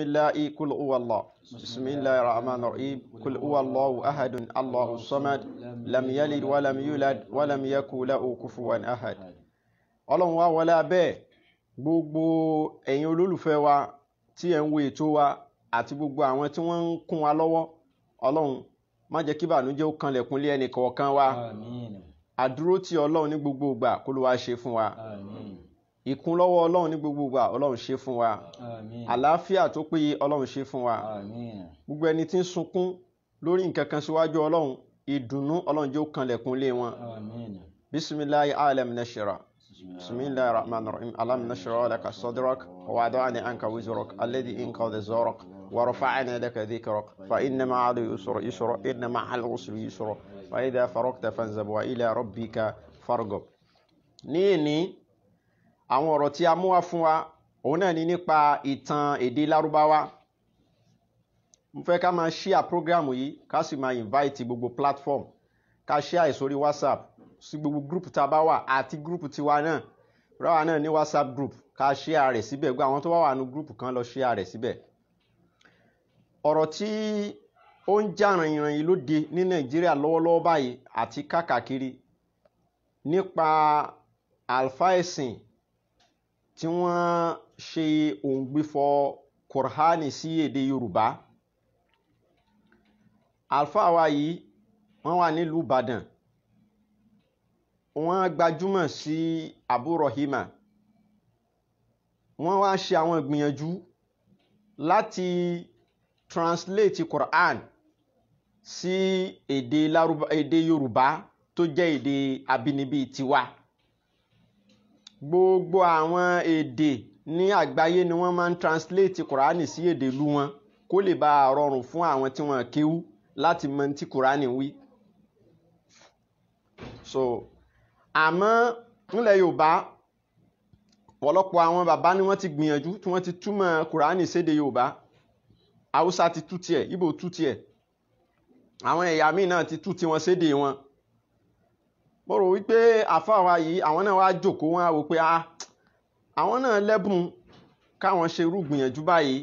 bisimilahi kul uwallah bisimilahi rahman rahim kul uwallahu ahadun allahu samad lam yalid walam yulad walam yakula okufuwan ahad. ọlọ́run wa wọlé abẹ́ gbogbo ẹ̀yin olólùfẹ́ wa tí ẹ̀ ń wo ètò wa àti gbogbo àwọn tí wọ́n ń kún wa lọ́wọ́ ọlọ́run má jẹ́ kí bànújẹ́ ó kanlẹ̀kùnlé ẹnì kọ̀ọ̀kan wa àdúró tí ọlọ́run ní gbogbo ìgbà kó ló wá ṣe fún wa. ìkún lọ́wọ́ olohun ní gbogbo gba olohun ṣe fún wa àlàáfíà tó pe olohun ṣe fún wa gbogbo ẹni tin sunkún lórí nkan kan síwájú olohun ìdùnnú olohun jẹ́ ó lekun lé wọn bisimilayi alam nashira bismillahir rahmanir rahim alam nashira laka sadrak wa adani anka wizrak alladhi inka da zorak wa rafa'ana laka dhikrak fa inna al yusra yusra inna al usri yusra fa idha farakta fanzab wa ila rabbika farghab ni ni àwọn ọ̀rọ̀ tí a mú wá fún wa òun náà ni nípa ìtàn èdè lárúbáwá mo fẹ́ ká máa ṣíà prógrámù yìí ká sì máa invite gbogbo platform ká ṣíà ẹ̀ whatsapp sí gbogbo group tá a bá wà àti group tiwa náà ráwa náà ní whatsapp group ká ṣíà rẹ̀ síbẹ̀ gbogbo àwọn tó wà wà nù group kan lọ ṣíà rẹ̀ síbẹ̀ ọ̀rọ̀ tí ó ń jà rìnrìn lóde ní nàìjíríà lọ́wọ́lọ́wọ́ báyìí àti káàkiri nípa àlfà ẹ̀sìn tí wọ́n ṣe òǹgbífọ̀ kùrhánì sí èdè yorùbá àlùfáà wa yìí wọ́n wà nílùú ìbàdàn wọ́n gbajúmọ̀ sí abu rahima wọ́n wá ṣe àwọn ìgbìyànjú láti translate quran sí èdè yorùbá tó jẹ́ èdè abínibí tiwa gbogbo àwọn èdè ní àgbáyé ni wọ́n máa ń translate kùránì sí èdè ìlú wọn kó lè bá a rọrùn fún àwọn tí wọ́n kéwú láti mọ tí kùránì wí. so àmọ́ nílẹ̀ yorùbá ọ̀pọ̀lọpọ̀ àwọn bàbá ni wọ́n ti gbìyànjú tí wọ́n ti túmọ̀ kùránì sédè yorùbá haúsá ti tú tiẹ̀ ìbò tú tiẹ̀ àwọn ẹ̀yà míì náà ti tú tiwọn sédè wọn mo rò wípé àfáà wa yìí àwọn náà wá jòkóó wọn á wò pé ah àwọn náà lẹ́bùn káwọn ṣe irú gbìyànjú báyìí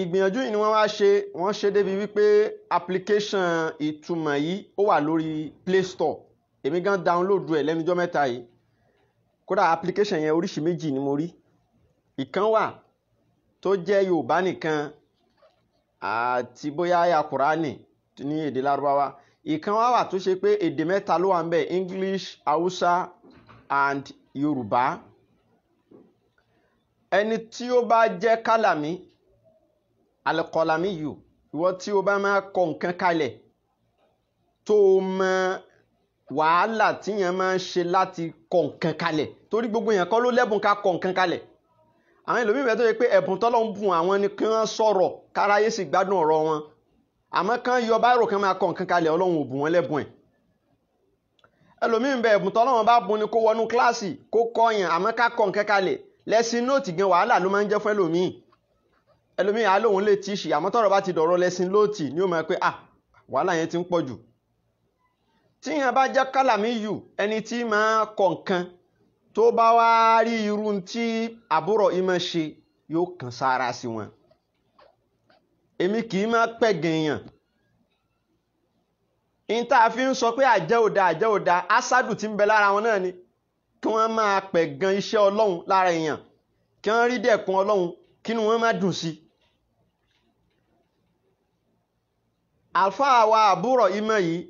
ìgbìyànjú yìí ni wọ́n wá ṣe wọ́n ṣe débi wípé application ìtumọ̀ yìí ó wà lórí play store èmi gan download ẹ̀ lẹ́nujọ́ mẹ́ta yìí kódà application yẹn oríṣi méjì ni mo rí ìkan wà tó jẹ́ yorùbá nìkan àti bóyá ayà kùránì ní èdè lárúbáwá ìkan wá wà tó ṣe pé èdè mẹ́ta ló wà ń bẹ̀ English Hausa and Yorùbá ẹni tí ó bá jẹ́ kálàmí alẹ́kọ̀ọ́lámí yù ìwọ tí o bá máa kọ nǹkan kalẹ̀ tó o mọ wàhálà tíyẹn máa ń ṣe láti kọ nǹkan kalẹ̀ torí gbogbo èèyàn kọ́ ló lẹ́bùn ká kọ nǹkan kalẹ̀ àwọn ẹlòmíì bẹ́ẹ̀ tó yẹ pé ẹ̀bùn tọ́lọ́ ń bùn àwọn ni kí wọ́n sọ̀rọ̀ káráyé sì gbádùn ọ̀rọ̀ wọn àmọ́ kán yọ báírò kan máa kọ nǹkan kalẹ̀ ọlọ́run òbùn wọn lẹ́bùn ẹ̀ ẹlòmíín bẹ ẹ̀bùn tọ́lọ́run bá bùn ni kó wọnú kíláàsì kó kọyàn àmọ́ ká kọ nǹkan kalẹ̀ lẹ́sìn nóòtì gan wàhálà ló máa ń jẹ́ fún ẹlòmíín ẹlòmíín alóhun lè tíṣì àmọ́ tọ́rọ̀ bá ti dọ̀rọ̀ lẹ́sìn lóòtì ni ó máa pé ah wàhálà yẹn ti ń pọ̀ jù tíyàn bá jẹ́ kálàmí yù ẹni tí máa kọ nǹkan tó bá wá rí irú tí àbúrò ìmọ̀ ṣe yóò kàn sára sí wọn èmi kì í máa pẹ̀gàn èèyàn in tá a fi ń sọ pé àjẹ́ òda àjẹ́ òda asádù ti ń bẹ lára wọn náà ni kí wọ́n máa pẹ̀gàn iṣẹ́ ọlọ́run lára èèyàn kí wọ́n rí dẹ̀kun ọlọ́run kínú wọn má dùn sí i. àlfáà wa àbúrò ìmọ̀ yìí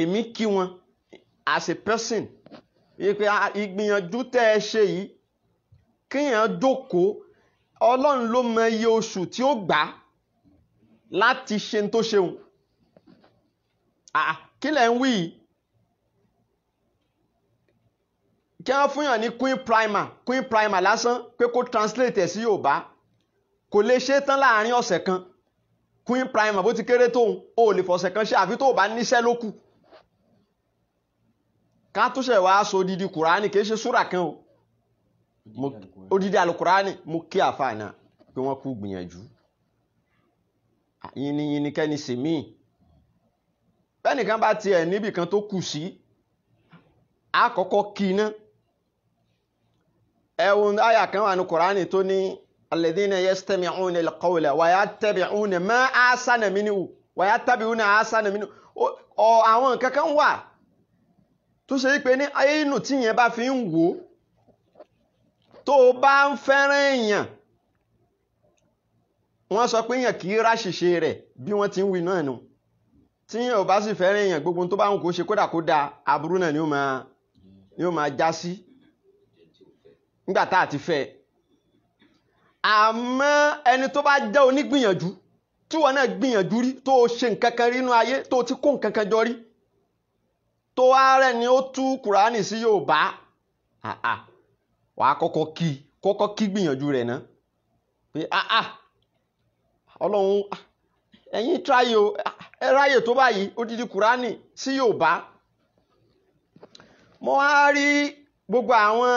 èmi kí wọn as a person ìgbìyànjú tẹ́ ẹ ṣe yìí kíyàn jókòó ọlọ́run ló mọ iye oṣù tí ó gbà á láti ṣe tó ṣeun ah, kí lẹ̀ ń wí kí wọ́n fún yàn ní queen primer queen primer lásán pé kó translate ẹ̀ sí Yorùbá kò lè ṣe tán láàrin ọ̀sẹ̀ kan queen primer bó ti kéré tóun o ò lè fọ̀sẹ̀ kan ṣe àfi tó o bá níṣẹ́ ló kù ká tó ṣe wàá sọ odidi Kùránì kì í ṣe súrà kan o odidi alukurani mo kí àfáà náà pé wọ́n kú gbìyànjú yìnyín kẹ́ni sì mí bẹ́nìkan bá tiẹ̀ níbì kan tó kù sí àkọ́kọ́ kí iná ẹ̀wọ̀n àyà kan wà ní kurani tó ní alladhina yastami'una alqawla wa yattabi'una ma ahsana minhu wa yattabi'una ahsana minhu àwọn nǹkan kan wà tó ṣe é pé ní ayé inú tíyẹn bá fi ń wò ó tó o bá ń fẹ́ràn èèyàn wọ́n sọ pé èèyàn kì í ráṣìṣe rẹ̀ bí wọ́n ti ń wí náà nù tí èèyàn bá sì fẹ́ràn èèyàn gbogbo tó bá ń kó ṣe kódà kó da aburú náà ni ó máa ni ó máa já sí nígbà tá a ti fẹ́ àmọ́ ẹni tó bá jẹ́ onígbìyànjú tí wọn náà gbìyànjú rí tó o ṣe nǹkan kan rí inú ayé tó o ti kó nǹkan kan jọ rí tó ara ẹni ó tú kùránì sí Yorùbá wà á kọ́kọ́ kí kọ́kọ́ kí gbìyànjú rẹ̀ ná pé ah ah ọlọ́run ah, ẹ̀yin tíráyè o ah, ẹ ráyè tó báyìí odidi kùránì sí Yorùbá mo wá rí gbogbo àwọn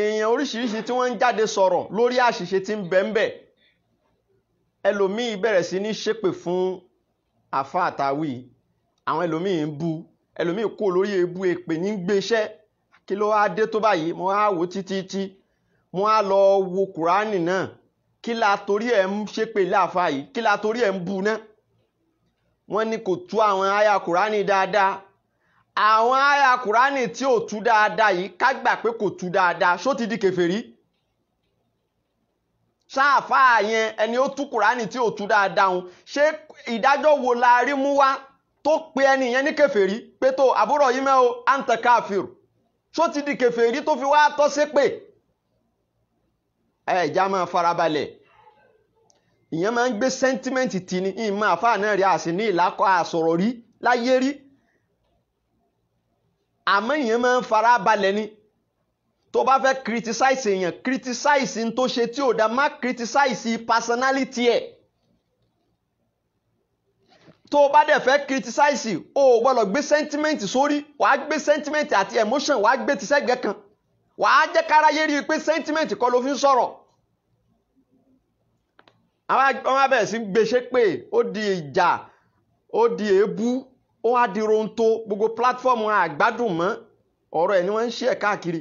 èèyàn oríṣiríṣi tí wọ́n ń jáde sọ̀rọ̀ lórí àṣìṣe tí ń bẹ ń bẹ ẹlòmíì bẹ̀rẹ̀ sí ní ṣépè fún àfa àtàwí àwọn ẹlòmíì ń bu ẹlòmíì kó lórí ebu èpè ní gbéṣẹ́ kí ló wá dé tó báyìí mo á wò títí tí mo á lọ wo kùránì náà kí la torí ẹ̀ ń ṣépè láàfa yìí kí la torí ẹ̀ ń bu náà wọ́n ní kò tú àwọn àyà kùránì dáadáa àwọn àyà kùránì tí ò tú dáadáa yìí ká gbà pé kò tú dáadáa ṣó ti di kèfèrí ṣáàfáà yẹn ẹni ó tú kùránì tí ò tú dáadáa òun ṣé ìdájọ́ wo la rí mú wá tó pe ẹni yẹn ní kèfèrí pé tó àbúrò yìí mẹ́ o àǹtẹ̀ káfíìrù tó ti di kèfèrí tó fi wá tọ́ ṣépè ẹ̀já máa farabalẹ̀ ìyẹn máa ń gbé sẹ́ńtímẹ́ǹtì tì ní ìmọ̀ àfáà rí àsì ní ìlákọ̀ àsọ̀rọ̀ rí láyé rí àmọ́ ìyẹn máa ń farabalẹ̀ ni tó bá fẹ́ criticize èèyàn criticize n tó ṣe tí ò dá má criticize personality ẹ̀ tó o bá dẹ̀ fẹ́ criticize o ò gbọ́dọ̀ gbé sentiment sórí wàá gbé sentiment àti emotion wàá gbé ti sẹ́gbẹ̀ẹ́ kan wàá jẹ́ káráyé rí i pé sentiment kọ́ ló fi ń sọ̀rọ̀ àwọn abẹ́rẹ́ sí gbèsè pé ó di ìjà ó di èébú ó wá di ronto gbogbo platform àgbádùn mọ́ ọ̀rọ̀ ẹ̀ ni wọ́n ń ṣe ẹ̀ káàkiri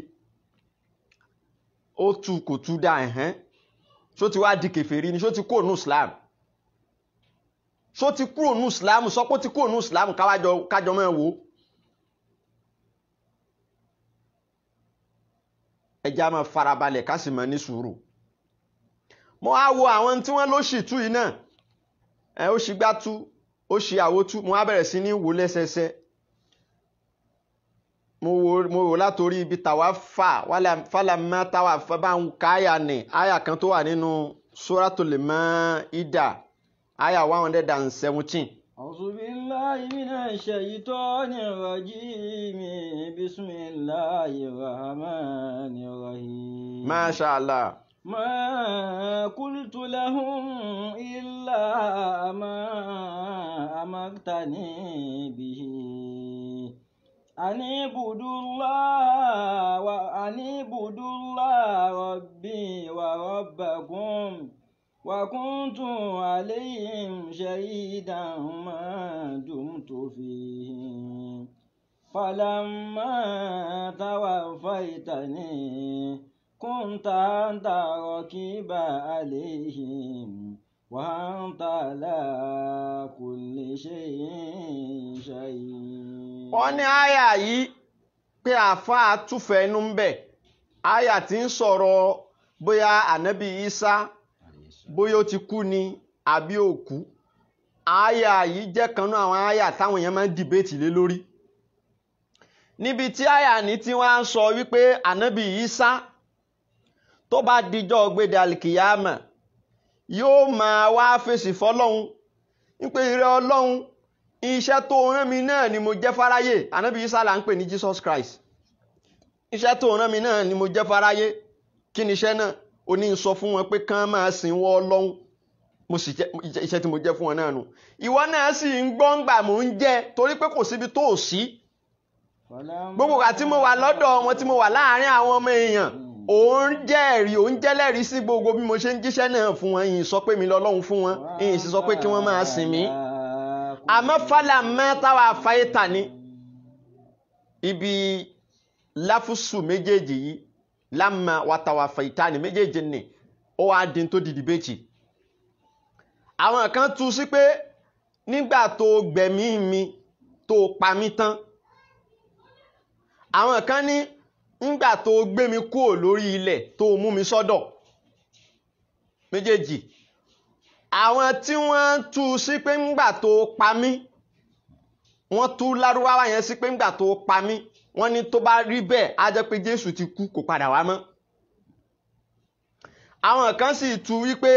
ó tu kò tu da ẹ̀hẹ́n ṣó ti wá di kèfèrí ni ṣó ti kó nù Islam só ti kúrò nù ìsìlámù sọ pé ó ti kúrò nù ìsìlámù kájọ mọ́ ẹ wò ó. ẹja máa farabalẹ̀ ká sì máa ní sùúrù mo á wo àwọn tí wọ́n ló sì tú yìí náà ẹ ó sì gbá tú ó sì àwo tú mo á bẹ̀rẹ̀ sí ní wò lẹ́sẹsẹ mo wò mo wò látòrí ibi tàwa fà wàlà fàlàmà tàwa fà bá ń ká àyà ní àyà kan tó wà nínú Suratul Maida aya one hundred and seventeen. أعوذ بالله من الشيطان الرجيم بسم الله الرحمن الرحيم ما شاء الله ما قلت لهم إلا ما أمرتني به أن اعبدوا الله وأن اعبدوا الله ربي وربكم وكنتم عليهم شهيدا ما دمت فيهم فلما توفيتني كنت أنت ركيبا عليهم وأنت على كل شيء شهيد. wọ́n ní àyà yìí pé àáfàá túfẹ̀ẹ́ inú ń bẹ̀ àyà tí ń sọ̀rọ̀ bóyá ànábì Isa bóyá ó ti kú ni àbí ò kú àáyà yìí jẹ́ kan náà àwọn àáyà táwọn èèyàn máa ń dìbéètì lé lórí níbi tí àyà ní tí wọ́n á sọ wípé ànábì Ìsá tó bá dijọ́ gbéde alikiyama yóò máa wá fèsì fọlọ́hún wípé ìrẹ́ ọlọ́hun iṣẹ́ tó rán mi náà ni mo jẹ́ fáráyé ànábì Ìsá là ń pè ní Jesus Christ iṣẹ́ tó rán mi náà ni mo jẹ́ fáráyé kí ni iṣẹ́ náà ó ní sọ fún wọn pé kán máa sìn wọ́ ọlọ́run mo sì jẹ iṣẹ́ tí mo jẹ́ fún wọn náà nù ìwọ náà sì ń gbọ́ngbà mò ń jẹ torí pé kò síbi tó sí gbogbo àti mo wà lọ́dọ̀ wọn tí mo wà láàárín àwọn ọmọ èèyàn òun jẹ́rìí òun jẹ́lẹ́rìí sí gbogbo bí mo ṣe ń jíṣẹ́ náà fún wọn ìyìn sọ pé mi lọ́lọ́run fún wọn ìyìn sì sọ pé kí wọ́n máa sìn mí àmọ́ fàlà mẹ́tàwá fáyétà ni ibi láfùsù méjèèjì yìí lámà wàtàwàfà ìtaní méjèèjì ni ó wá di tó di dìbẹ́jì àwọn kan tú sí pé nígbà tó gbẹ̀mí mi tó pa mí tán àwọn kan ní nígbà tó gbé mi kúrò lórí ilẹ̀ tó mú mi sọ́dọ̀ méjèèjì àwọn tí wọ́n tú sí pé ńgbà tó pa mí wọ́n tú lárúbáwá yẹn sí pé ńgbà tó pa mí wọ́n ní tó bá rí bẹ́ẹ̀ á jẹ́ pé jésù ti kú kò padà wá mọ́ àwọn kan sì tu wípé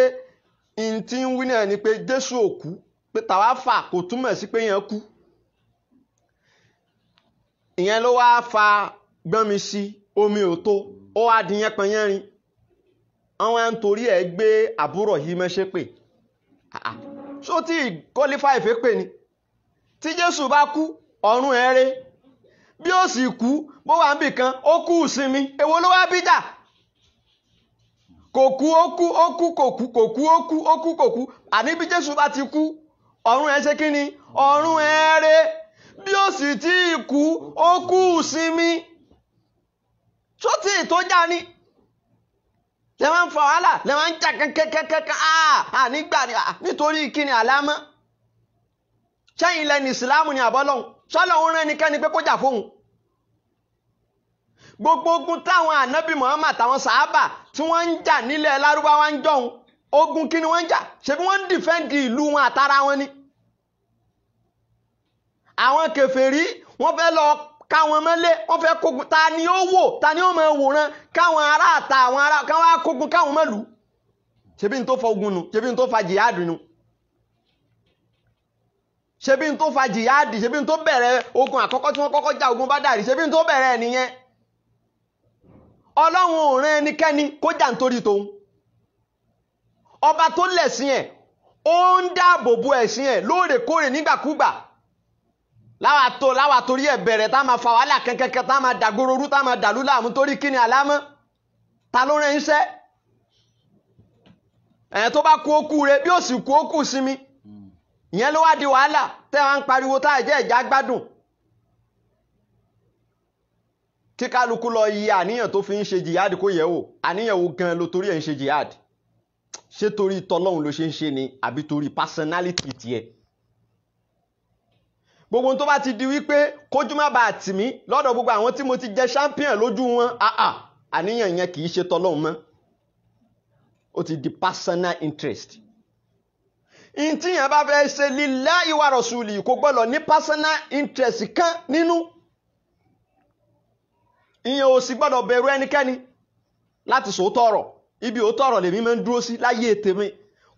n ti ń wí náà ni pé jésù ò kú pé tàwa fà kò túmọ̀ sí pé yẹn kú ìyẹn ló wáá fa gbọ́nmi sí omi ò tó ó wáá di yẹn pẹ̀yẹ́rin àwọn à ń torí ẹ̀ gbé àbúrò yìí mẹ́ṣẹ́ pè ṣó tí kọ́lífà ìfẹ́ pè ní tí jésù bá kú ọ̀run ẹ̀ rẹ́ bí ó sì kú bó wà níbì kan ó kú ìsinmi èwo ló wá bí dà kò kú ó kú ó kú kò kú kò kú ó kú ó kú kò kú àní bí Jésù bá ti kú ọ̀run ẹ̀ ṣe kí ni ọ̀run ẹ̀ rẹ̀ bí ó sì tí kú ó kú ìsinmi tó tí tó já ni lè máa ń fa wàhálà lè máa ń jà kankankankan ah, ànígbà ah, nítorí kí ni àlámọ́ sẹ́yìn lẹ́ni ìsìláàmù ni àbọ́lọ́hùn sọ́lọ̀ ń rán ẹnikẹ́ni pé kó jà fóun gbogbo ogun táwọn ànábì Muhammad táwọn sàábà tí wọ́n ń jà nílẹ̀ lárúbáwá ń jọ̀hún ogun kí ni wọ́n ń jà ṣebí wọ́n ń dìfẹ́ǹdì ìlú wọn àtara wọn ni àwọn kèfèrí wọ́n fẹ́ lọ káwọn mọ́lé wọ́n fẹ́ kógun ta ni ó wò ta ni ó máa wòran káwọn ará àta àwọn ará káwọn á káwọn mọ́lù ṣebí n tó fa ogun nu ṣebí n tó fa jihad nu ṣebí n tó fa jìyáàdì ṣebí n tó bẹ̀rẹ̀ ogun àkọ́kọ́ tí wọ́n kọ́kọ́ já ogun Bádàrí ṣebí n tó bẹ̀rẹ̀ nìyẹn ọlọ́run ò rán ẹnikẹ́ni kó jà nítorí tòun ọba tó lẹ̀sìn ẹ̀ ó ń dáàbò bo ẹ̀sìn ẹ̀ lóòrèkóòrè nígbàkúgbà láwa tó láwa torí ẹ̀ bẹ̀rẹ̀ tá máa fa wàhálà kẹ́kẹ́kẹ́ tá máa dàgbòrò orú tá máa dàlú láàmú torí kíni àlámọ́ ta ló rán iṣẹ́ tó bá kú ó kú bí ó sì kú ó kú ìyẹn ló wá di wàhálà tẹ́ wọ́n ń pariwo tá a jẹ́ ìjà gbádùn kí kálukú lọ yí àníyàn tó fi ń ṣe jihad kó yẹ̀ wò àníyàn wo gan ló torí ẹ̀ ń ṣe jihad ṣé torí tọlọ́hun ló ṣe ń ṣe ni àbí torí personality tiẹ̀ gbogbo tó bá ti di wípé kójú má bàa tì mí lọ́dọ̀ gbogbo àwọn tí mo ti jẹ́ champion lójú wọn àníyàn yẹn kì í ṣe tọlọ́hun mọ́ ó ti di personal interest ntí yẹn bá fẹ́ ṣe lillahi wa rasuli kò gbọ́dọ̀ ní personal interest kan nínú ìyẹn ò sì gbọ́dọ̀ bẹ̀rù ẹnikẹ́ni láti sòótọ́ ọ̀rọ̀ ibi òótọ́ ọ̀rọ̀ lèmi máa ń dúró sí láyé tèmi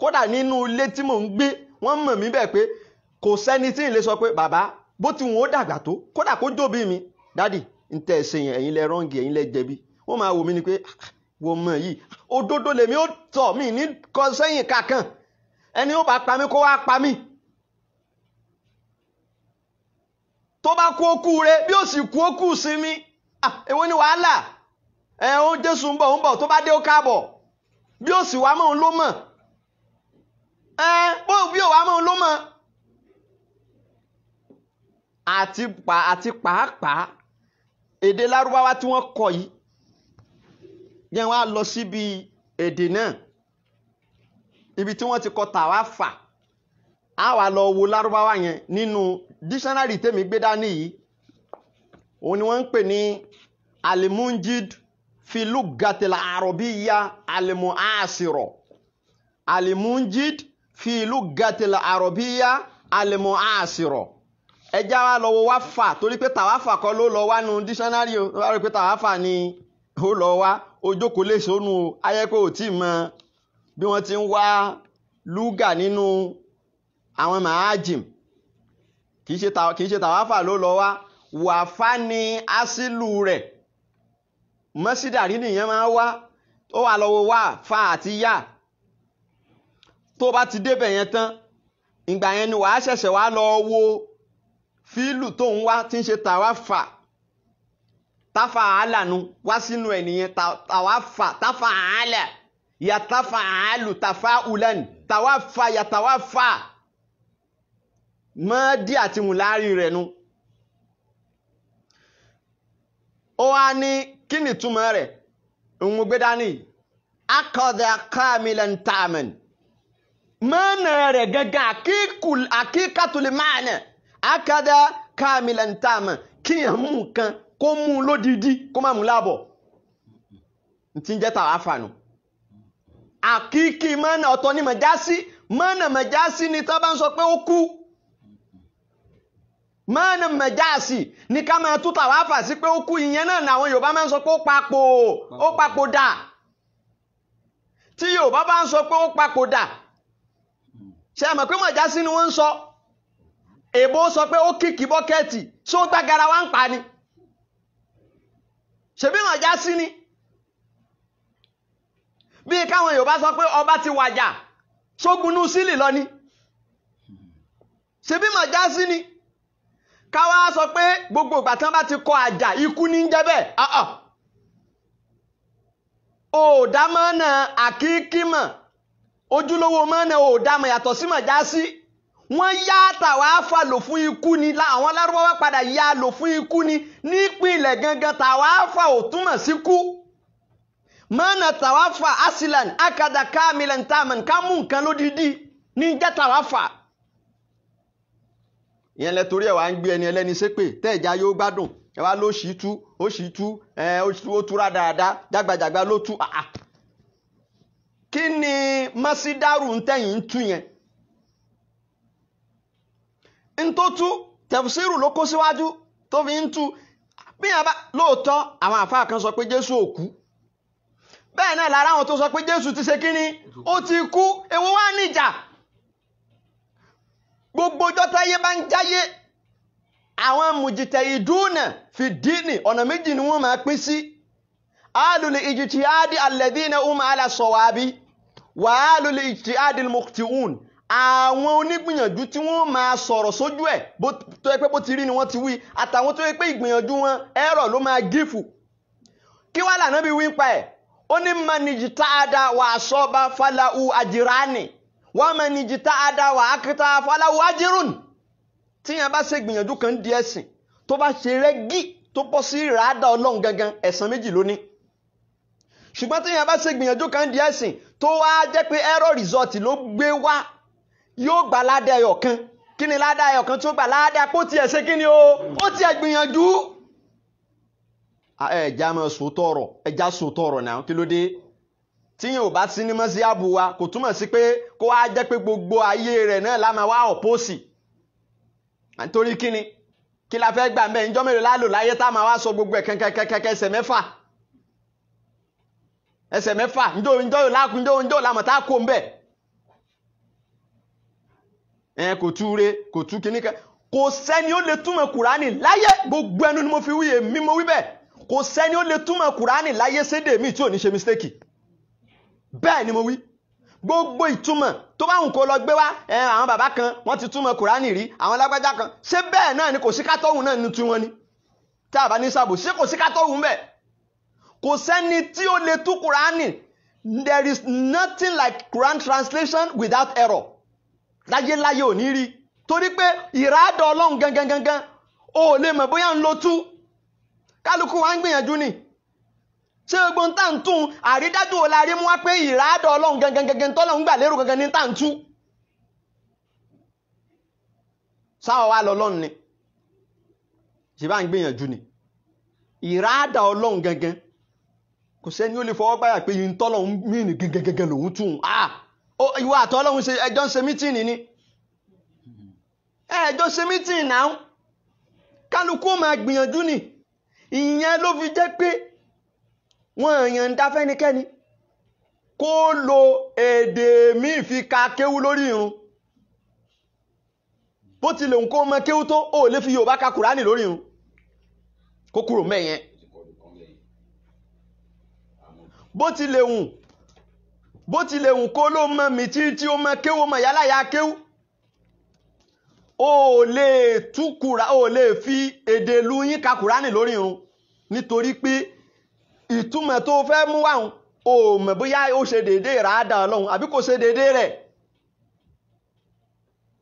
kódà nínú ilé tí mò ń gbé wọ́n mọ̀ mí bẹ́ẹ̀ pé kò sẹ́ni tí ì lè sọ pé bàbá bó ti wọ́n ó dàgbà tó kódà kó jóbi mi dádì ń tẹ́ ẹ ṣe ẹ̀yin lẹ rọ́ǹgì ẹ̀yin lẹ jẹ̀bi wọ́n máa wò mí ni pé ah, ah, wọ́n mọ̀ yìí ah, òdodo lèmi ó tọ̀ mí ní kọ́ sẹ́yìn kankan ẹni ó bá pa mí kó wá pa mí tó bá kú okú rẹ bí ó sì kú okú sí mi èwo ni wàhálà ẹ ó jésù ń bọ̀ ń bọ̀ tó bá dé ó káàbọ̀ bí ó sì wá mọ̀ ń ló mọ̀ ẹ bó bí ó wá mọ̀ ń ló mọ̀ àti pa àti pàápàá èdè lárúbáwá tí wọ́n kọ yìí jẹ́ wọ́n lọ síbi èdè náà ibi tí wọ́n ti kọ tàwáfà á wà lọ wo lárúbáwá yẹn nínú dísánárì tèmi gbé dání yìí òun ni wọ́n ń pè ní alimunjid filugatila arobiya alimuasiro alimunjid filugatila arobiya alimuasiro ẹjá wa lọ wo wáfà torí pé tàwáfà kọ́ ló lọ wá nu dísánárì ó rí pé tàwáfà ni ó lọ wá ojókòó lè sónú o ò tí ì mọ bí wọ́n ti ń wá lúgà nínú àwọn màájìm kì í ṣe tàwáfà ló lọ wá wàfá ni asílù rẹ̀ mọ́sídàrí nìyẹn máa wá ó wà lọ́wọ́ wá fa àti yá tó bá ti débẹ̀ yẹn tán ìgbà yẹn ni wàá ṣẹ̀ṣẹ̀ wá lọ wo fíìlù tó ń wá tí ń ṣe tàwáfà táfà àálà nu wá sínú ẹ̀ nìyẹn tàwáfà táfà àálà yatafa'alu tafa'ulan tàwáfà yàtàwáfà mọ́ọ́dí àti mùlárí rẹ̀ nu. ó wá ní kí ni túmọ̀ rẹ̀ òun gbé dání akọ̀dà kamilan ta'aman mọ́ọ̀nà rẹ̀ gẹ́gẹ́ àkíkàtúlẹ̀ máàna akọ̀dà kamilan ta'aman kíyàn mú nǹkan kó mú lódìdí kó má mú láàbọ̀ ntí ń jẹ́ tàwáfà nù. No àkíkí mọ́nà ọ̀tọ̀ ni mọ̀jásí mọ́nà mọ̀jásí ni tó bá ń sọ pé ó kú mọ́nà mọ̀jásí ni ká máa túta wàá fà sí pé ó kú ìyẹn náà làwọn Yorùbá máa ń sọ pé ó papò ó papò dà tí Yorùbá bá ń sọ pé ó papò dà ṣe àmọ̀ pé mọ̀jásí ni wọ́n ń sọ èbó sọ pé ó kìkì bọ́kẹ́ẹ̀tì ṣé ó gbá garawa ń pa ni ṣèbí mọ̀jásí ni bíi káwọn Yorùbá sọ pé ọba ti wàjà ṣógunú sílì lọ ni ṣebí mà já sí ni káwa sọ pé gbogbo ìgbà tán bá ti kọ àjà ikú ní jẹ́ bẹ́ẹ̀ òdámọ́nà àkíkímọ̀ ojúlówó mọ́nà òdámọ̀ yàtọ̀ sí mà já sí wọ́n yá tàwáfà lò fún ikú ni àwọn lárúbáwá padà yá lò fún ikú ni nípìnlẹ̀ gangan tàwáfà ò túmọ̀ sí Si mana tawafa asilan akada kamilan taman ká mú nǹkan lódìdí ní jẹ́ tàwáfà ìyẹn lẹ torí ẹ e wá ń gbé ẹni ẹlẹ́ni ṣépè tẹ́ẹ̀já yóò gbádùn ẹ e wá ló ṣì e, tú ó ṣì tú ẹ ó túra dáadáa jágbajàgba ló tú àá ah, ah. kí ni masidaru ń tẹ̀yìn ń tú yẹn ń tó tú ló kó síwájú tó fi ń tú bí yẹn lóòótọ́ àwọn kan sọ pé Jésù òkú bẹ́ẹ̀ náà lára àwọn tó sọ pé jésù ti ṣe kíní ó ti kú èwo wá níjà gbogbo jọ́táyé bá ń jáyé àwọn mùjìtẹ̀ ìdúnà fi dínì ọ̀nà méjì ni wọ́n máa pín sí alùlù ìjìtì áàdì alladhina hum ala sawabi wà alùlù ìjìtì áàdì mukhti'un àwọn onígbìyànjú tí wọ́n máa sọ̀rọ̀ sójú ẹ̀ tó yẹ pé bó ti rí ni wọ́n ti wí àtàwọn tó yẹ pé ìgbìyànjú wọn ẹ̀rọ ló máa gífù kí wàá lànà bí wí ẹ̀ ó ní manijita ada wà sọ́ba falahu ajirani wọ́n manijita ada wà akita falahu ajirun tíyẹn bá ṣe gbìyànjú kan di ẹ̀sìn tó bá ṣe rẹ́gí tó bọ́ sí ìràádá ọlọ́run gangan ẹ̀san méjì lónìí ṣùgbọ́n tíyẹn bá ṣe gbìyànjú kan di ẹ̀sìn tó wá jẹ́ pé error result ló gbé wá yóò gbà ládàá ẹyọ kan kí ni ládàá ẹyọ kan tó gbà ládàá pé ó ṣe kí ni o ó tiẹ̀ gbìyànjú ẹja máa sùn tọrọ ẹja sùn tọrọ náà kí ló dé tíyẹn ò bá sí ní mọ́sí ààbò wa kò túmọ̀ sí pé kó wá jẹ́ pé gbogbo ayé rẹ̀ náà láma wá ọ̀pọ̀sì nítorí kíni kí la fẹ́ gbà mẹ́ ìjọ mélòó lálò láyé tá a máa wá sọ gbogbo ẹ̀ kẹ́kẹ́kẹ́kẹ́ ẹsẹ̀ mẹ́fà ẹsẹ̀ mẹ́fà njó njó lákùn njó njó làmọ̀ tá a kó mbẹ́ ẹ̀ kò tú re kò tú kíní kò sẹ́ni ó lè túmọ̀ kùránì láyé gbogbo ẹnu ni mo fi wí èmi mo wí bẹ́ẹ̀ kò sẹ́ni ó lè túmọ̀ kùránì láyé sédè míì tí ò ní ṣe mistake bẹ́ẹ̀ ni mo wí gbogbo ìtumọ̀ tó bá wùn kó lọ gbé wá ẹ àwọn bàbá kan wọ́n ti túmọ̀ kùránì rí àwọn lágbájá kan ṣé bẹ́ẹ̀ náà ni kò sí kátọ́hùn náà ní tiwọn ni tá a bá ní sàbò ṣé kò sí kátọ́hùn bẹ́ẹ̀ kò sẹ́ni tí ó lè tú kùránì there is nothing like Quran translation without error láyéláyé ò ní rí torí pé ìrádọ́ ọlọ́run gangan gangan o ò lè mọ̀ bóyá ń lo tú kálukú wa ń gbìyànjú ni ṣé gbogbo ń tàǹtún àrídájú wo la rí mú wá pé ìrádọ́ ọlọ́run gangan gangan tọ́lọ́ ń gbà lérò gangan ní tàǹtú sáwọ́ wa lọ lọ́run ni ṣe bá ń gbìyànjú ni ìrádọ́ ọlọ́run gangan kò sẹ́ni ó lè fọwọ́ gbáyà pé yìí ń tọ́lọ̀ ń mìíràn gẹ́gẹ́gẹ́ lòun tún un ìwọ àtọ́lọ́hún ẹjọ́ ń ṣe mítìnì ni ẹjọ́ ṣe mítìnì náà kálukú máa gbìyànjú ni ìyẹn ló fi jẹ́ pé wọ́n yànda fẹ́nikẹ́ni kó lo èdè míì fi ka kéwú lórí irun bó tilẹ̀ ń kó mọ kéwú tó ó lè fi Yorùbá ka Kùránì lórí irun kó kúrò mẹ́yẹn bó tilẹ̀ ń bó tilẹ̀ ń kó ló mọ mi tí ó mọ kéwú mọ yálà ya kéwú o ò lè tú kura o lè fi èdè lu yín ka kùránì lórí irun nítorí pé ìtumọ̀ tó fẹ́ mú wá o mọ̀ bóyá ó ṣe déédéé ìràádà ọlọ́run àbí kò ṣe déédéé rẹ̀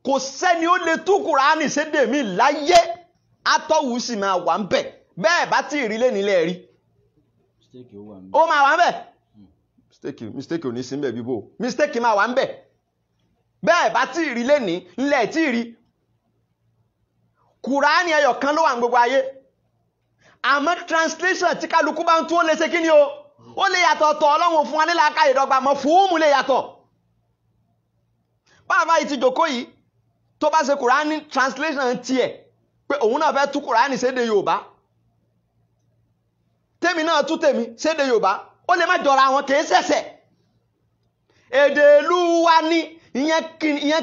kò sẹ́ni ó lè tú kùránì sédè mí láyé atọ́wù sì máa wà ń bẹ̀ bẹ́ẹ̀ bá tí ì rí lé nílẹ̀ rí ó máa wà ń bẹ̀ hmm. mistake mistake ò ní sí ń bẹ̀ bíbó mistake máa wà ń bẹ̀ bẹ́ẹ̀ bá tí ì rí lé ní ńlẹ̀ tí ì rí kùránì ẹyọ kan ló wà ní gbogbo ayé àmọ́ translation tí kálukú bá ń tún ó lè ṣe kí ni o ó lè yàtọ̀ ọ̀tọ̀ ọlọ́run fún wa nílà ká ìdọ́gba mọ́ fúùmù lè yàtọ̀ báwa yìí ti jòkó yìí tó bá ṣe kùránì translation tiẹ̀ pé òun náà fẹ́ tú kùránì sédè yorùbá tèmi náà tú tèmi sédè yorùbá ó lè má jọra wọn kì í ṣẹ̀ṣẹ̀ èdè ìlú wa ni ìyẹn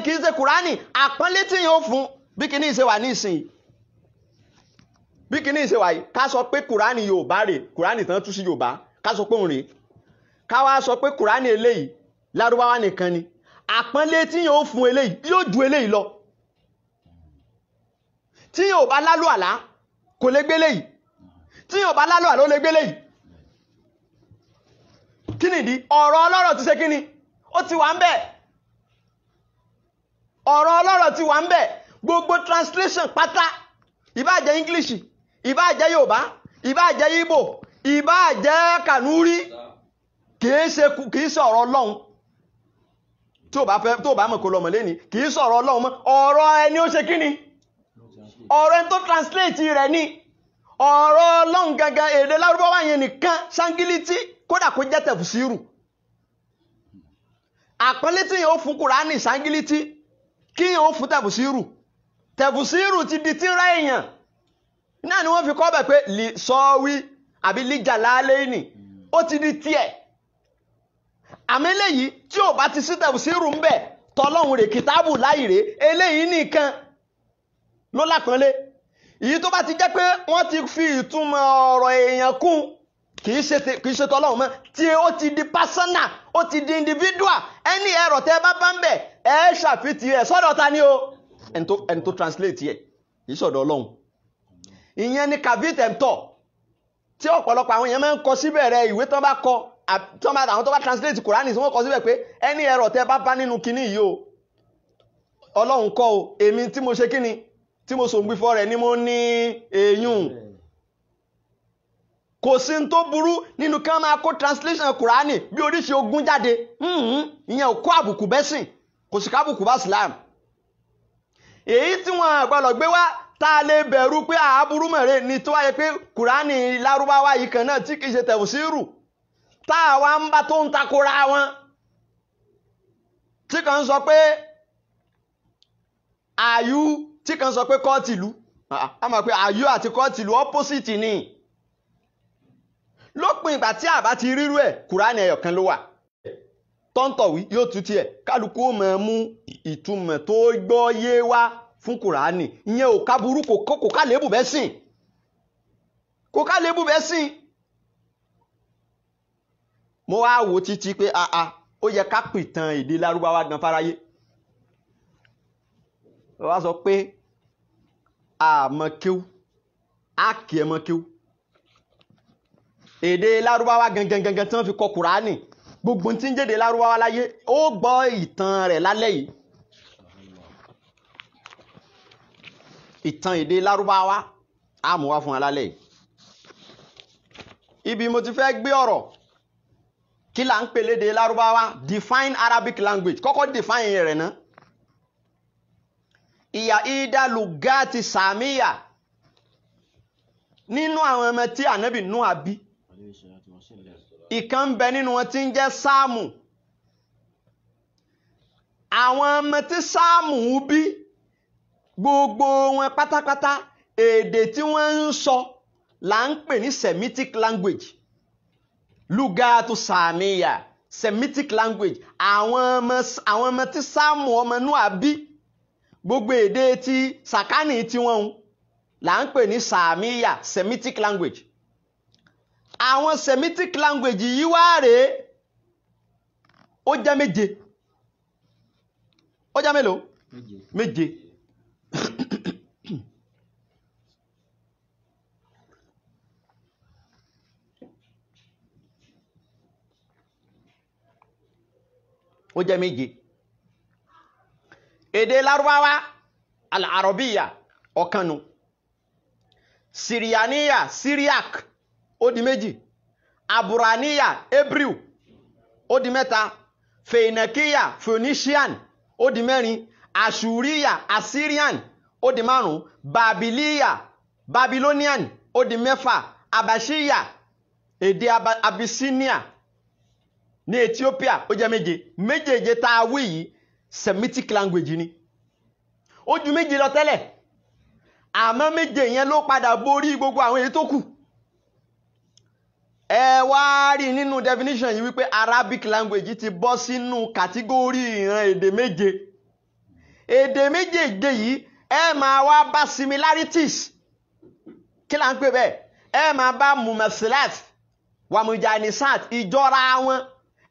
kì í ṣe kùránì àpọ́nlé tí fún bí kìíní ṣe wà ní ìsìn bí kinní ṣe wáyé ká sọ pé kùránì yorùbá rè kùránì tán tú sí yorùbá ká sọ pé òun rè ká wá sọ pé kùránì eléyìí lárúbáwá nìkan ni àpọ́nlé tí yóò fún eléyìí yóò ju eléyìí lọ tí yóò bá lálù àlá kò lè gbélé yìí tí yóò lálù àlá ó lè gbélé yìí kí nìdí ọ̀rọ̀ ọlọ́rọ̀ ti ṣe kí ni ó ti wà ń bẹ̀ ọ̀rọ̀ ọlọ́rọ̀ ti wà ń bẹ̀ gbogbo translation pátá ìbàjẹ́ English ìbá jẹ́ Yorùbá ìbá jẹ́ Ìgbò ìbá jẹ́ Kànúrí kìí ṣe kìí ṣe ọ̀rọ̀ Ọlọ́run tó bá fẹ́ tó bá mọ̀ kó lọ́mọ lẹ́ni kìí ṣe ọ̀rọ̀ Ọlọ́run mọ́ ọ̀rọ̀ ẹni ó ṣe kí ni ọ̀rọ̀ ẹni tó translate rẹ̀ ni ọ̀rọ̀ Ọlọ́run gangan èdè lárúbáwá yẹn nìkan ṣáńgílítì kódà kó jẹ́ tẹ̀fùsírù àpọ́nlé tí yẹn ó fún Kùránì ṣáńgílítì kí yẹn ó fún tẹ̀fùsírù tẹ̀fùsírù ti di tíra èèyàn náà ni wọ́n fi kọ́ bẹ̀ pé sọ́ọ́wí àbí líjà lálẹ́ nì ó ti di tiẹ̀ àmì eléyìí tí ò bá ti sítẹ̀wù sí rùn bẹ̀ tọ́lọ́hún rè kìtàbù láìrè eléyìí nìkan ló lápọ́nlé èyí tó bá ti jẹ́ pé wọ́n ti fi ìtumọ̀ ọ̀rọ̀ èèyàn kún kì í ṣe tọ́lọ́hún mọ́ tí ó ti di pásánà ó ti di individual ẹni ẹ̀rọ tẹ́ bá bá ń bẹ̀ ẹ ṣàfitì ẹ̀ sọ́dọ̀ ta ni o ẹni tó translate yẹ kì í sọ̀dọ̀ ọlọ́hun ìyẹn ni cavitemtor tí ọ̀pọ̀lọpọ̀ àwọn èèyàn máa ń kọ síbẹ̀ rẹ ìwé tó bá kọ àwọn tó bá translate Kùránì tí wọ́n kọ síbẹ̀ pé ẹni ẹ̀rọ tẹ bá bá nínú kinní yìí o Ọlọ́run kọ́ o èmi tí mo ṣe kinní tí mo sòǹgbì fọ́ rẹ̀ ni mo ní èèyàn kò sí n tó burú nínú kí wọ́n máa kó translation Kùránì bí oríṣi ogún jáde hmm, ìyẹn ò kó àbùkù bẹ́sìn kò sì kábùkù bá Islam èyí tí wọ́n àgbàlọ̀ gbé wá tá a lè bẹ̀rù pé àábúrú mẹ̀rẹ̀ ni tó wáyé pé kùránì lárúbáwá yìí kan náà tí kìí ṣe tẹ̀wùsírù tá a wá ń bá tó ń takora wọn tí kan sọ pé àyú tí kan sọ pé kọ́ọ̀tìlú a mọ̀ pé àyú àti kọ́ọ̀tìlú opposite ni lópin ìgbà tí àbá ti rírú ẹ̀ kùránì ẹyọ kan ló wà tọ́ntọ̀wí yóò tú tiẹ̀ kálukú ó máa mú ìtumọ̀ tó gbọ́ yé wá fún kùránì ìyẹn ò káburú kò ká lébù bẹ́ẹ̀ sìn kò ká lébù bẹ́ẹ̀ sìn mo wá wo títí pé àà ah, ah, ó yẹ ká pìtàn èdè lárúbáwá gan fáráyé wọ́n wá sọ pé àmọ́ kéwú á kì í mọ́ kéwú èdè lárúbáwá gangan gangan tí wọ́n fi kọ kùránì gbogbo tí ń jẹ́dẹ̀ lárúbáwá láyé ó gbọ́ ìtàn rẹ̀ lálẹ́ yìí ìtàn èdè lárúbáwá á mú wá fún wa ibi mo ti fẹ́ gbé ọ̀rọ̀ kí là ń pè lédè lárúbáwá define Arabic language kọ́kọ́ define rẹ̀ ná ìyá ida lugati samiya nínú àwọn ọmọ tí ànábì nú àbí ìkan ń bẹ nínú wọn tí ń jẹ́ sáàmù àwọn ọmọ tí sáàmù ń bí gbogbo wọn pátápátá èdè tí wọ́n ń sọ là ń pè ní semitic language lugatu samiya semitic language àwọn ọmọ àwọn ọmọ tí sáàmù ọmọ núà bí gbogbo èdè tí sàkánì tiwọn là ń pè ní samiya semitic language àwọn semitic language yìí wá rèé ó jẹ́ méje ó jẹ́ mélòó méje ó jẹ́ méje èdè lárúbáwá al-arabiya ọ̀kanu siriyaniya syriac ó di méjì aburaniya hebrew ó di mẹ́ta feinakiya phoenician ó di mẹ́rin ashuriya assyrian ó di márùn babiliya babylonian ó di mẹ́fà abashiya èdè abisinia ní Ethiopia ó jẹ́ méje méjèèje tá a wí yìí Semitic language ni ó ju méje lọ tẹ́lẹ̀ àmọ́ méje yẹn ló padà borí gbogbo àwọn èyí tó kù ẹ wá rí nínú definition yìí wípé Arabic language ti bọ́ sínú kàtígórì ìran èdè méje èdè méjèèje yìí ẹ máa wá bá similarities kí là ń pè bẹ́ẹ̀ ẹ máa bá mumasilat wàmùjánisat ìjọra wọn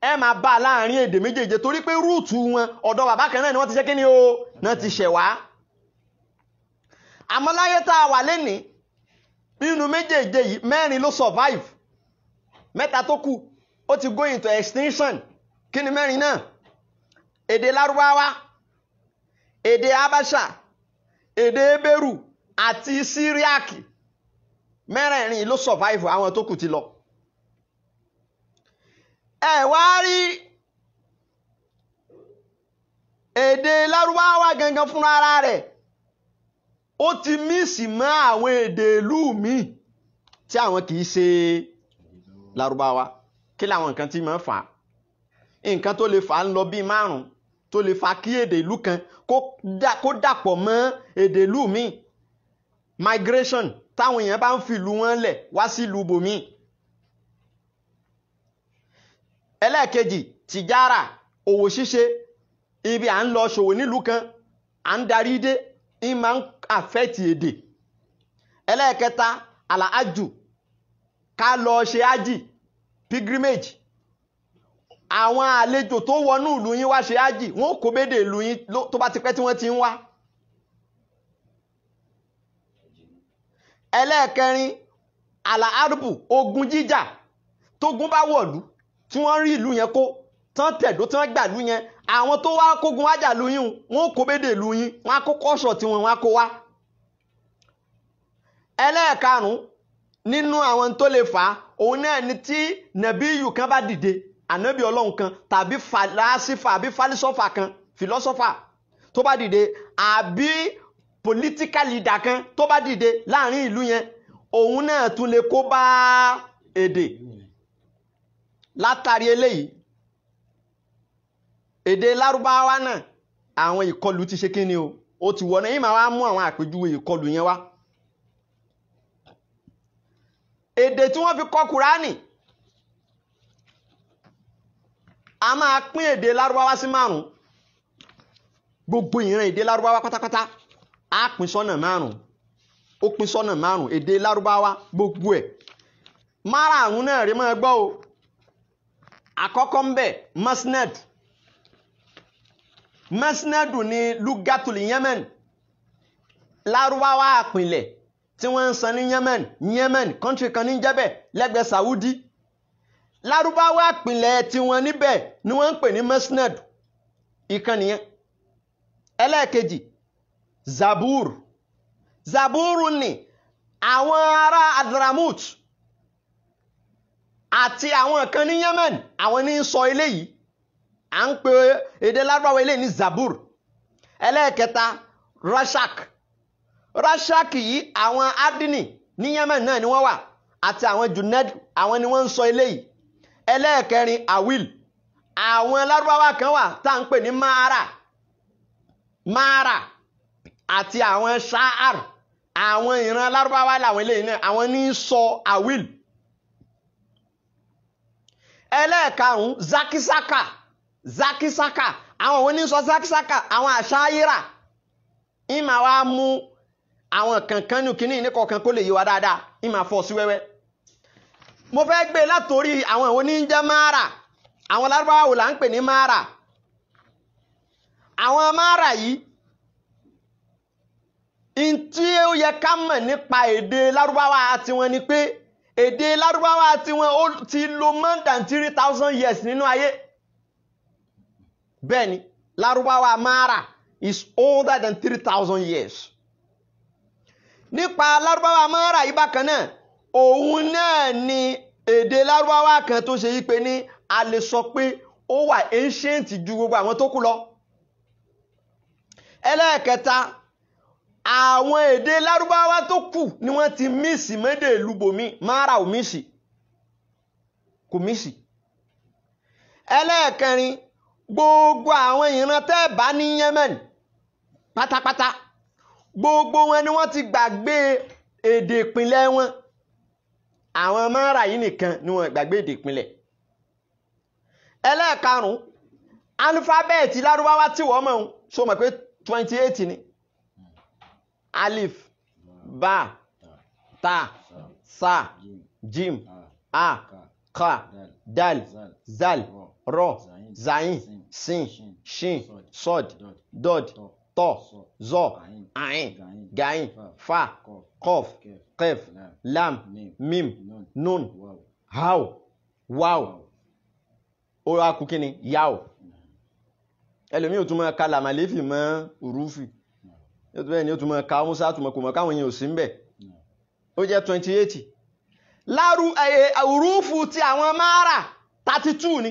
ẹ máa bá a láàrin èdè méjèèjì torí pé rúùtù wọn ọ̀dọ̀ bàbá kan náà ni wọ́n ti ṣe kí ni o náà ti ṣẹ̀ àmọ́ láyé tá a wà lénìí nínú méjèèjì yìí mẹ́rin ló survive mẹ́ta tó kù ó ti go into extinction kí ni mẹ́rin náà èdè lárúbáwá èdè abasha èdè ebéru àti síríàkì mẹ́rẹ̀ẹ̀rin ló survive àwọn tó kù ti lọ ẹ wá rí èdè lárúbáwá gangan fúnra ara rẹ̀ ó ti mísì mọ́ àwọn èdè ìlú míì tí àwọn kì í ṣe lárúbáwá kí làwọn nǹkan tí máa fà á nǹkan tó lè fà á ń lọ bíi márùn tó lè fa kí èdè ìlú kan kó dàpọ̀ mọ́ èdè ìlú míì migration táwọn èèyàn bá ń fi ìlú wọn lẹ̀ wá sí ìlú bòmíì ẹlẹ́ẹ̀kejì tìjára òwò ṣíṣe ibi à ń lọ ṣòwò nílùú kan à ń darí dé ń máa ń àfẹ́tì èdè ẹlẹ́ẹ̀kẹta àlàájù ká lọ ṣe ájì pilgrimage àwọn àlejò tó wọnú ìlú yín wá ṣe ájì wọn kò bédè ìlú yín tó bá ti pẹ́ tí wọ́n ti ń wá. ẹlẹ́ẹ̀kẹrin àlàárùbù ogun jíjà tógun bá wọ̀lú tí wọ́n rí ìlú yẹn kó tán tẹ̀dó tí wọ́n gbà ìlú yẹn àwọn tó wá kógun wájà ìlú yín wọn kó bédè ìlú yín wọn á kó kọ́ṣọ̀ tí wọn á kó wá. ẹlẹ́ẹ̀karùn nínú àwọn tó lè fà á òun náà ni tí nàbíyù kan bá dìde ànábì ọlọ́run kan tàbí fàlásífà àbí fálísọ́fà kan fìlọ́sọ́fà tó bá dìde àbí political leader kan tó bá dìde láàrin ìlú yẹn òun náà tún lè kó bá èdè látàrí eléyìí èdè lárúbáwá náà àwọn ìkọlù ti ṣe kíni o ó ti wọ̀nà yìí máa wá mú àwọn àpèjúwe ìkọlù yẹn wá èdè tí wọ́n fi kọ kúránì a máa pín èdè lárúbáwá sí márùn gbogbo ìran èdè lárúbáwá pátápátá a pín sọ́nà márùn ó pín sọ́nà márùn èdè lárúbáwá gbogbo ẹ̀ márààrún náà rí máa gbọ́ o àkọ́kọ́ ń bẹ̀ masnad masnad ní lugatul yemen lárúbáwá àpìnlẹ̀ tí wọ́n ń san ní yemen yemen kọ́ńtì kan ní jẹ́bẹ̀ lẹ́gbẹ̀ẹ́ saudi lárúbáwá àpìnlẹ̀ tiwọn níbẹ̀ ni wọ́n ń pè ní masnad ìkan nìyẹn ẹlẹ́ẹ̀kejì zabur zaburu ni àwọn ará adramut àti àwọn kan ní Yemen àwọn ní sọ eléyìí à ń pe èdè lárúbáwá eléyìí ní zabur ẹlẹ́ẹ̀kẹta rashak rashak yìí àwọn adini ní Yemen náà ni wọ́n wà àti àwọn juned àwọn ni wọ́n ń sọ eléyìí ẹlẹ́ẹ̀kẹrin awil àwọn lárúbáwá kan wà tá à ń pè ní mara mara àti àwọn sha'ar àwọn ìran lárúbáwá làwọn eléyìí náà àwọn ní sọ awil. So, ẹlẹ́ẹ̀karùn-ún zakisaka zakisaka àwọn òun ní sọ zakisaka àwọn àṣàyíra ìmà wa mú àwọn kankan nù kíní ní kọ̀ọ̀kan kó lè yí wa dáadáa ìmà fọ́ sí wẹ́wẹ́ mo fẹ́ gbé e látòrí àwọn òun ní jẹ́ mara àwọn lárúbáwá wò là ń pè ní mara àwọn mara yìí ntí ó yẹ ká mọ̀ nípa èdè lárúbáwá tiwọn ni pé èdè lárúbáwá tiwọn ó ti lò more than three thousand years nínú ayé bẹ́ẹ̀ ni lárúbáwá mara is older than three thousand years nípa lárúbáwá mara yìí bákan náà òun náà ni èdè lárúbáwá kan tó ṣe yí pé ní a lè sọ pé ó wà ancient ju gbogbo àwọn tó kù lọ ẹlẹ́ẹ̀kẹta àwọn èdè lárúbáwá tó kù ni wọ́n ti mísì méde lùbòmí mara ò mísì kò mísì ẹlẹ́ẹ̀kẹrin gbogbo àwọn ìran tẹ́ bá ní Yemen pátápátá gbogbo wọn ni wọ́n ti gbàgbé èdè ìpínlẹ̀ wọn àwọn mara yìí nìkan ni wọ́n gbàgbé èdè ìpínlẹ̀ ẹlẹ́ẹ̀karùn-ún alifábẹ́ẹ̀tì lárúbáwá tí wọ́n mọ̀ ń so mọ̀ pé twenty eight ni alif ba ta sa jim a ka dal zal ro, zayin sin shin sod dod tọ zọ ayin gayin fa kọf kẹf lam mim nun haw waw ó wá kú kí ni yaw ẹlòmíì ò tún mọ kálàmà mọ òrùfì bẹ́ẹ̀ ni ó tún mọ̀ ká musa tún mọ̀ kò mọ̀ káwọn yẹn ò sí ńbẹ̀ ó jẹ́ twenty eight láru eh, àwùrúfù ti àwọn mara thirty two ni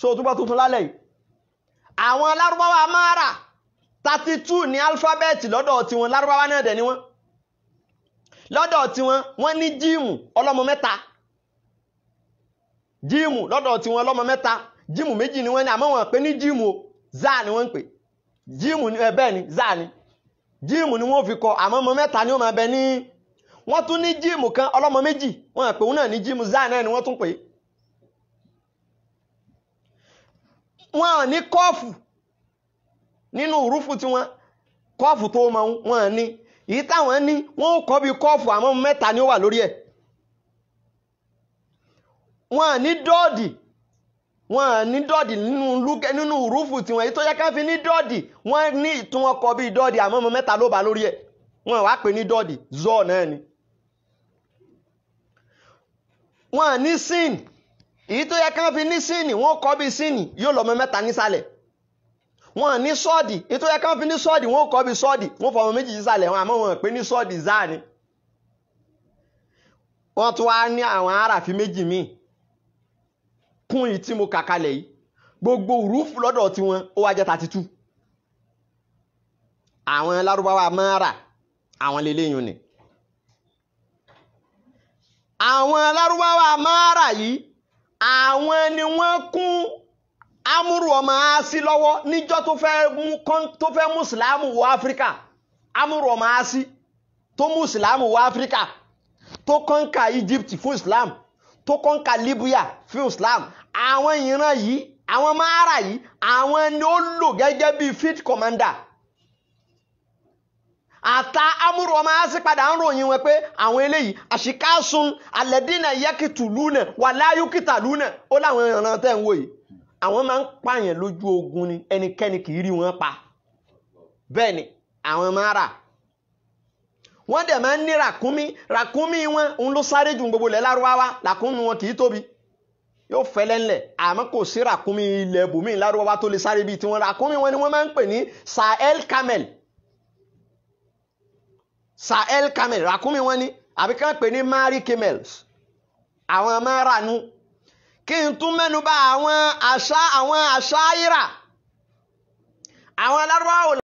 so òtúbọ̀ tuntun lálẹ́ yìí àwọn lárúbáwá mara thirty two ni alifábẹ́ẹ̀tì lọ́dọ̀ tiwọn lárúbáwá náà dẹ̀ ni wọ́n lọ́dọ̀ tiwọn wọ́n ní jíìmù ọlọ́mọ mẹ́ta jíìmù lọ́dọ̀ tiwọn ọlọ́mọ mẹ́ta jíìmù méjì ni wọ́n ní àmọ́ wọn pé ní jíìmù o. zaa ni wọ́n ń pè jíìmù ẹ eh, bẹ́ẹ̀ ni zaa ni ni wọ́n fi kọ àmọ́ ọmọ mẹ́ta ni ó máa bẹ ní wọ́n tún ní jíìmù kan ọlọ́mọ méjì wọ́n àpè òun náà ní jíìmù zaa náà ni wọ́n tún pe. é wọ́n à ní kọ́ọ̀fù nínú òrùfù tí wọ́n kọ́ọ̀fù tó máa ń ní èyí táwọn ní wọ́n kọ́ bí kọ́ọ̀fù àmọ́ mẹ́ta ni ó wà lórí ẹ̀ wọ́n à ní dọ́ọ̀dì wọn ní dọ́ọ̀dì nínú lúkẹ́ nínú rúfù tiwọn èyí tó yẹ ká fi ní dọ́ọ̀dì wọn ní ìtún wọn kọ bíi dọ́ọ̀dì àmọ́ ọmọ mẹ́ta ló bá lórí ẹ̀ wọn wá pè ní dọ́ọ̀dì zọ́ọ̀ náà ni. wọn ní sin èyí tó yẹ ká fi ní sin wọn kọ bíi sin yóò lọ́mọ mẹ́ta nísàlẹ̀ wọn ní sọ́ọ̀dì èyí tó yẹ ká fi ní sọ́ọ̀dì wọn kọ bíi sọ́ọ̀dì wọn fọmọ méjì sísàlẹ̀ wọn àmọ́ wọn pè ní sọ́ọ̀dì záà ni wọ́n tún wá ní àwọn aráàfin méjì míì kún yìí tí mo kà kalẹ̀ yìí gbogbo rúfù lọ́dọ̀ tiwọn ó wá jẹ́ thirty two àwọn lárúbáwá mara àwọn lélẹ́yìn ni àwọn lárúbáwá mara yìí àwọn ni wọ́n kún amúrù ọmọ aásí lọ́wọ́ níjọ́ tó fẹ́ mú ìsìláàmù wọ áfíríkà amúrù ọmọ aásí tó mú ìsìláàmù wọ áfíríkà tó kọ́ńkà Egypt fún ìsìláàmù tó kọ́ńkà libya fún islam àwọn ìran yìí àwọn mara yìí àwọn ni ó lò gẹ́gẹ́ bíi field commander àta amúrò ọmọ asi padà ń ròyìn wọn pé àwọn eléyìí àṣìkásun alẹ́dínà yẹ́kìtù lúnà wà láyúkìtà lúnà ó láwọn ìran tẹ̀ ń wò yìí àwọn máa ń pààyàn lójú ogun ni ẹnikẹ́ni kì í rí wọn pa bẹ́ẹ̀ ni àwọn mara wọ́n dẹ̀ máa ń ní ràkúnmí ràkúnmí wọn òun ló sáré ju gbogbo ilẹ̀ lárúbáwá làkúnmí wọn kì í tóbi yóò fẹ́lẹ́ ńlẹ̀ àmọ́ kò sí ràkúnmí ilẹ̀ bùnmí lárúbáwá tó lè sáré bíi tiwọn ràkúnmí wọn ni wọ́n máa ń pè ní Sahel camel Sahel camel ràkúnmí wọn ni àbí kàn pè ní mari camels àwọn máa rànú kí n tún mẹ́nu bà àwọn àṣà àwọn àṣà ayíra àwọn lárúbáwá